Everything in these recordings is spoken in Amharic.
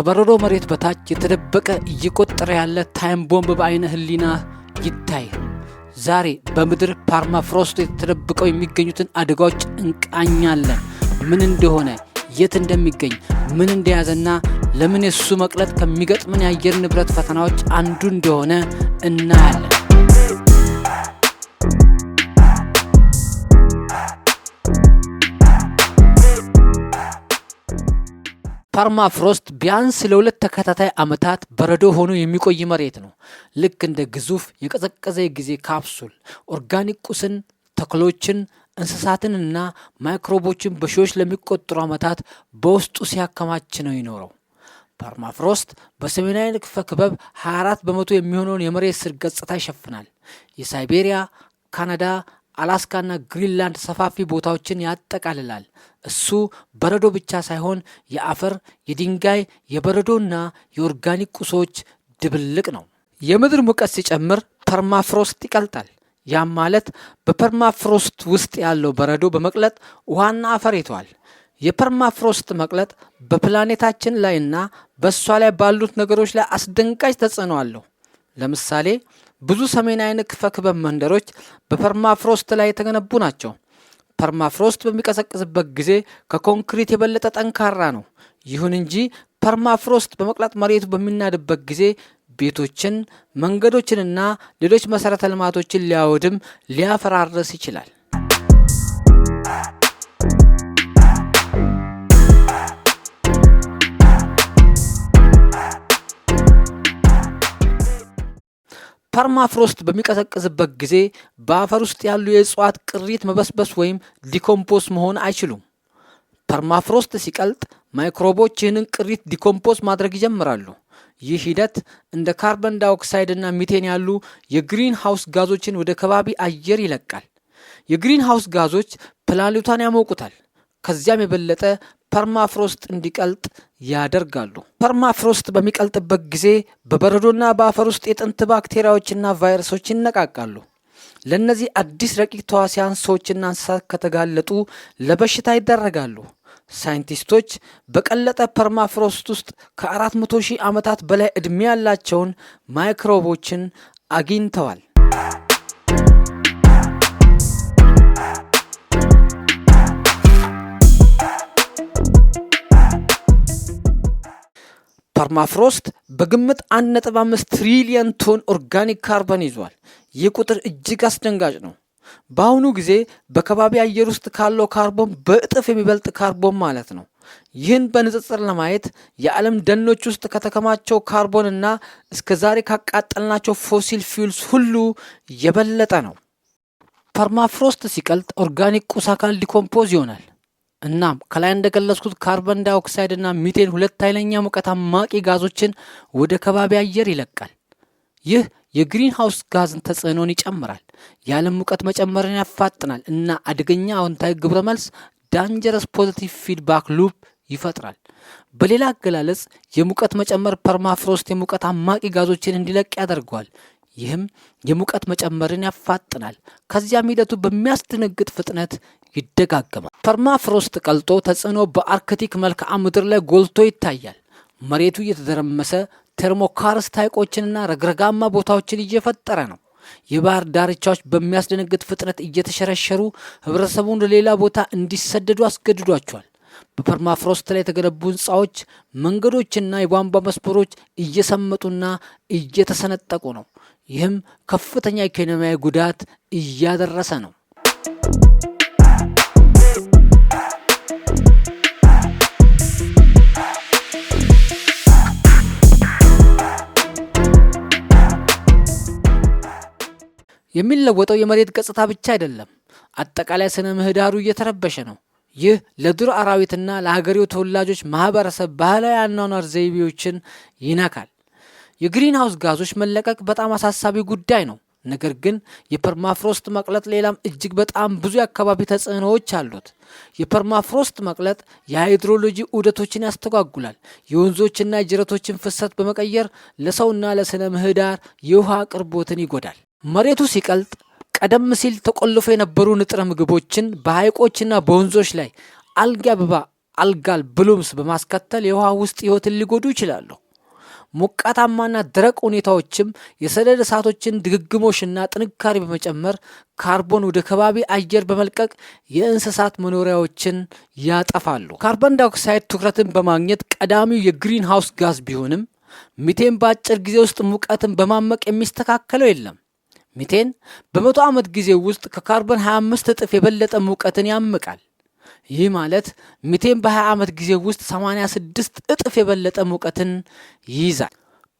ከበረዶ መሬት በታች የተደበቀ እየቆጠረ ያለ ታይም ቦምብ በአይነ ህሊና ይታይ። ዛሬ በምድር ፐርማፍሮስት የተደብቀው የሚገኙትን አደጋዎች እንቃኛለን። ምን እንደሆነ፣ የት እንደሚገኝ፣ ምን እንደያዘና ለምን የሱ መቅለጥ ከሚገጥምን የአየር ንብረት ፈተናዎች አንዱ እንደሆነ እናያለን። ፓርማ ፍሮስት ቢያንስ ለሁለት ተከታታይ ዓመታት በረዶ ሆኖ የሚቆይ መሬት ነው። ልክ እንደ ግዙፍ የቀዘቀዘ የጊዜ ካፕሱል ኦርጋኒክ ቁስን፣ ተክሎችን፣ እንስሳትንና ማይክሮቦችን በሺዎች ለሚቆጠሩ ዓመታት በውስጡ ሲያከማች ነው ይኖረው። ፐርማፍሮስት በሰሜናዊ ንቅፈ ክበብ 24 በመቶ የሚሆነውን የመሬት ስር ገጽታ ይሸፍናል። የሳይቤሪያ ካናዳ አላስካና ግሪንላንድ ሰፋፊ ቦታዎችን ያጠቃልላል። እሱ በረዶ ብቻ ሳይሆን የአፈር፣ የድንጋይ፣ የበረዶና የኦርጋኒክ ቁሶች ድብልቅ ነው። የምድር ሙቀት ሲጨምር ፐርማፍሮስት ይቀልጣል። ያም ማለት በፐርማፍሮስት ውስጥ ያለው በረዶ በመቅለጥ ውሃና አፈር ይተዋል። የፐርማፍሮስት መቅለጥ በፕላኔታችን ላይና በእሷ ላይ ባሉት ነገሮች ላይ አስደንጋጭ ተጽዕኖ አለው። ለምሳሌ ብዙ ሰሜናዊ ንድፈ ክበብ መንደሮች በፐርማፍሮስት ላይ የተገነቡ ናቸው። ፐርማፍሮስት በሚቀሰቅስበት ጊዜ ከኮንክሪት የበለጠ ጠንካራ ነው። ይሁን እንጂ ፐርማፍሮስት በመቅላጥ መሬቱ በሚናድበት ጊዜ ቤቶችን፣ መንገዶችንና ሌሎች መሠረተ ልማቶችን ሊያወድም ሊያፈራርስ ይችላል። ፐርማፍሮስት በሚቀዘቅዝበት ጊዜ በአፈር ውስጥ ያሉ የእጽዋት ቅሪት መበስበስ ወይም ዲኮምፖስ መሆን አይችሉም። ፐርማፍሮስት ሲቀልጥ ማይክሮቦች ይህንን ቅሪት ዲኮምፖስ ማድረግ ይጀምራሉ። ይህ ሂደት እንደ ካርበን ዳይኦክሳይድ እና ሚቴን ያሉ የግሪን ሃውስ ጋዞችን ወደ ከባቢ አየር ይለቃል። የግሪን ሃውስ ጋዞች ፕላኔቷን ያሞቁታል። ከዚያም የበለጠ ፐርማፍሮስት እንዲቀልጥ ያደርጋሉ። ፐርማፍሮስት በሚቀልጥበት ጊዜ በበረዶና በአፈር ውስጥ የጥንት ባክቴሪያዎችና ቫይረሶች ይነቃቃሉ። ለእነዚህ አዲስ ረቂቅ ተዋሲያን ሰዎችና እንስሳት ከተጋለጡ ለበሽታ ይደረጋሉ ሳይንቲስቶች በቀለጠ ፐርማፍሮስት ውስጥ ከ 00 ሺህ ዓመታት በላይ ዕድሜ ያላቸውን ማይክሮቦችን አግኝተዋል። ፐርማፍሮስት በግምት 1.5 ትሪሊየን ቶን ኦርጋኒክ ካርበን ይዟል። ይህ ቁጥር እጅግ አስደንጋጭ ነው። በአሁኑ ጊዜ በከባቢ አየር ውስጥ ካለው ካርቦን በእጥፍ የሚበልጥ ካርቦን ማለት ነው። ይህን በንጽጽር ለማየት የዓለም ደኖች ውስጥ ከተከማቸው ካርቦን እና እስከ ዛሬ ካቃጠልናቸው ፎሲል ፊውልስ ሁሉ የበለጠ ነው። ፐርማፍሮስት ሲቀልጥ ኦርጋኒክ ቁስ አካል ዲኮምፖዝ ይሆናል። እናም ከላይ እንደገለጽኩት ካርበን ዳይኦክሳይድ እና ሚቴን ሁለት ኃይለኛ ሙቀት አማቂ ጋዞችን ወደ ከባቢ አየር ይለቃል። ይህ የግሪንሃውስ ጋዝን ተጽዕኖን ይጨምራል፣ የዓለም ሙቀት መጨመርን ያፋጥናል እና አደገኛ አዎንታዊ ግብረ መልስ ዳንጀረስ ፖዘቲቭ ፊድባክ ሉፕ ይፈጥራል። በሌላ አገላለጽ የሙቀት መጨመር ፐርማፍሮስት የሙቀት አማቂ ጋዞችን እንዲለቅ ያደርገዋል። ይህም የሙቀት መጨመርን ያፋጥናል። ከዚያም ሂደቱ በሚያስደነግጥ ፍጥነት ይደጋገማል። ፐርማፍሮስት ቀልጦ ተጽዕኖ በአርክቲክ መልክዓ ምድር ላይ ጎልቶ ይታያል። መሬቱ እየተደረመሰ ቴርሞካርስት ሐይቆችንና ረግረጋማ ቦታዎችን እየፈጠረ ነው። የባህር ዳርቻዎች በሚያስደነግጥ ፍጥነት እየተሸረሸሩ ህብረተሰቡን ለሌላ ቦታ እንዲሰደዱ አስገድዷቸዋል። በፐርማፍሮስት ላይ የተገነቡ ህንፃዎች፣ መንገዶችና የቧንቧ መስመሮች እየሰመጡና እየተሰነጠቁ ነው። ይህም ከፍተኛ ኢኮኖሚያዊ ጉዳት እያደረሰ ነው። የሚለወጠው የመሬት ገጽታ ብቻ አይደለም፣ አጠቃላይ ስነ ምህዳሩ እየተረበሸ ነው። ይህ ለዱር አራዊትና ለሀገሬው ተወላጆች ማህበረሰብ ባህላዊ አኗኗር ዘይቤዎችን ይነካል። የግሪንሃውስ ጋዞች መለቀቅ በጣም አሳሳቢ ጉዳይ ነው። ነገር ግን የፐርማፍሮስት መቅለጥ ሌላም እጅግ በጣም ብዙ የአካባቢ ተጽዕኖዎች አሉት። የፐርማፍሮስት መቅለጥ የሃይድሮሎጂ ዑደቶችን ያስተጓጉላል። የወንዞችና ጅረቶችን ፍሰት በመቀየር ለሰውና ለስነ ምህዳር የውሃ አቅርቦትን ይጎዳል። መሬቱ ሲቀልጥ ቀደም ሲል ተቆልፎ የነበሩ ንጥረ ምግቦችን በሐይቆችና በወንዞች ላይ አልጋ አበባ አልጋል ብሉምስ በማስከተል የውሃ ውስጥ ሕይወትን ሊጎዱ ይችላሉ። ሞቃታማና ደረቅ ሁኔታዎችም የሰደድ እሳቶችን ድግግሞሽና ጥንካሬ በመጨመር ካርቦን ወደ ከባቢ አየር በመልቀቅ የእንስሳት መኖሪያዎችን ያጠፋሉ። ካርቦን ዳይኦክሳይድ ትኩረትን በማግኘት ቀዳሚው የግሪን ሃውስ ጋዝ ቢሆንም ሚቴን በአጭር ጊዜ ውስጥ ሙቀትን በማመቅ የሚስተካከለው የለም። ሚቴን በመቶ ዓመት ጊዜ ውስጥ ከካርቦን 25 እጥፍ የበለጠ ሙቀትን ያምቃል። ይህ ማለት ሚቴን በ20 ዓመት ጊዜ ውስጥ 86 እጥፍ የበለጠ ሙቀትን ይይዛል።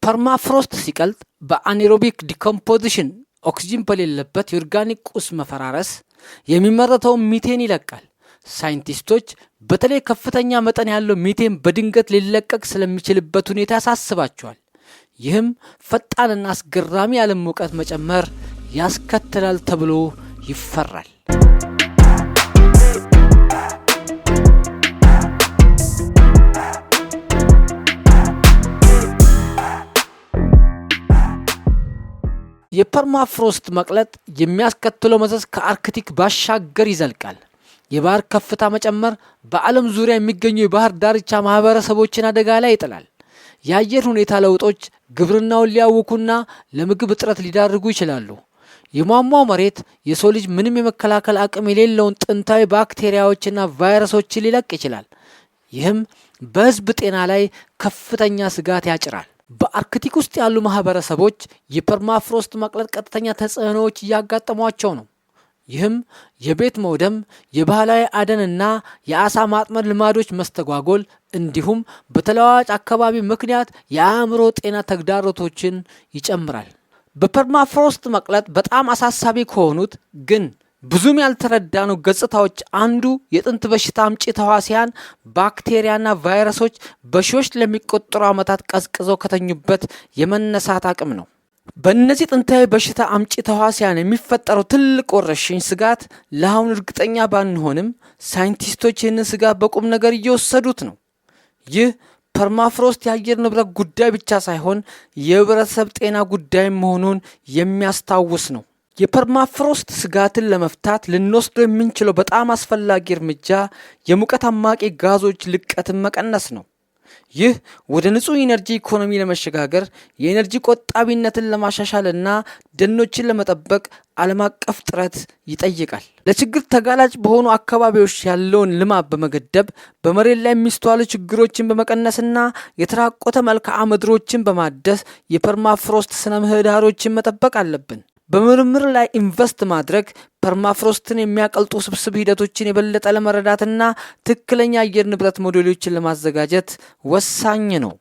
ፐርማፍሮስት ሲቀልጥ በአኔሮቢክ ዲኮምፖዚሽን ኦክሲጅን በሌለበት የኦርጋኒክ ቁስ መፈራረስ የሚመረተውን ሚቴን ይለቃል። ሳይንቲስቶች በተለይ ከፍተኛ መጠን ያለው ሚቴን በድንገት ሊለቀቅ ስለሚችልበት ሁኔታ ያሳስባቸዋል። ይህም ፈጣንና አስገራሚ የዓለም ሙቀት መጨመር ያስከትላል ተብሎ ይፈራል። የፐርማፍሮስት መቅለጥ የሚያስከትለው መዘዝ ከአርክቲክ ባሻገር ይዘልቃል። የባህር ከፍታ መጨመር በዓለም ዙሪያ የሚገኙ የባህር ዳርቻ ማህበረሰቦችን አደጋ ላይ ይጥላል። የአየር ሁኔታ ለውጦች ግብርናውን ሊያውኩና ለምግብ እጥረት ሊዳርጉ ይችላሉ። የሟሟ መሬት የሰው ልጅ ምንም የመከላከል አቅም የሌለውን ጥንታዊ ባክቴሪያዎችና ቫይረሶችን ሊለቅ ይችላል። ይህም በህዝብ ጤና ላይ ከፍተኛ ስጋት ያጭራል። በአርክቲክ ውስጥ ያሉ ማህበረሰቦች የፐርማፍሮስት መቅለጥ ቀጥተኛ ተጽዕኖዎች እያጋጠሟቸው ነው። ይህም የቤት መውደም፣ የባህላዊ አደንና የአሳ ማጥመድ ልማዶች መስተጓጎል እንዲሁም በተለዋዋጭ አካባቢ ምክንያት የአእምሮ ጤና ተግዳሮቶችን ይጨምራል። በፐርማፍሮስት መቅለጥ በጣም አሳሳቢ ከሆኑት ግን ብዙም ያልተረዳኑ ገጽታዎች አንዱ የጥንት በሽታ አምጪ ተዋሲያን ባክቴሪያና ቫይረሶች በሺዎች ለሚቆጠሩ ዓመታት ቀዝቅዘው ከተኙበት የመነሳት አቅም ነው። በእነዚህ ጥንታዊ በሽታ አምጪ ተዋሲያን የሚፈጠረው ትልቅ ወረርሽኝ ስጋት ለአሁን እርግጠኛ ባንሆንም ሳይንቲስቶች ይህንን ስጋት በቁም ነገር እየወሰዱት ነው። ይህ ፐርማፍሮስት የአየር ንብረት ጉዳይ ብቻ ሳይሆን የህብረተሰብ ጤና ጉዳይ መሆኑን የሚያስታውስ ነው። የፐርማፍሮስት ስጋትን ለመፍታት ልንወስደው የምንችለው በጣም አስፈላጊ እርምጃ የሙቀት አማቂ ጋዞች ልቀትን መቀነስ ነው። ይህ ወደ ንጹህ ኢነርጂ ኢኮኖሚ ለመሸጋገር የኢነርጂ ቆጣቢነትን ለማሻሻልና ደኖችን ለመጠበቅ ዓለም አቀፍ ጥረት ይጠይቃል። ለችግር ተጋላጭ በሆኑ አካባቢዎች ያለውን ልማት በመገደብ በመሬት ላይ የሚስተዋሉ ችግሮችን በመቀነስና የተራቆተ መልክዓ ምድሮችን በማደስ የፐርማፍሮስት ስነ ምህዳሮችን መጠበቅ አለብን። በምርምር ላይ ኢንቨስት ማድረግ ፐርማፍሮስትን የሚያቀልጡ ስብስብ ሂደቶችን የበለጠ ለመረዳትና ትክክለኛ አየር ንብረት ሞዴሎችን ለማዘጋጀት ወሳኝ ነው።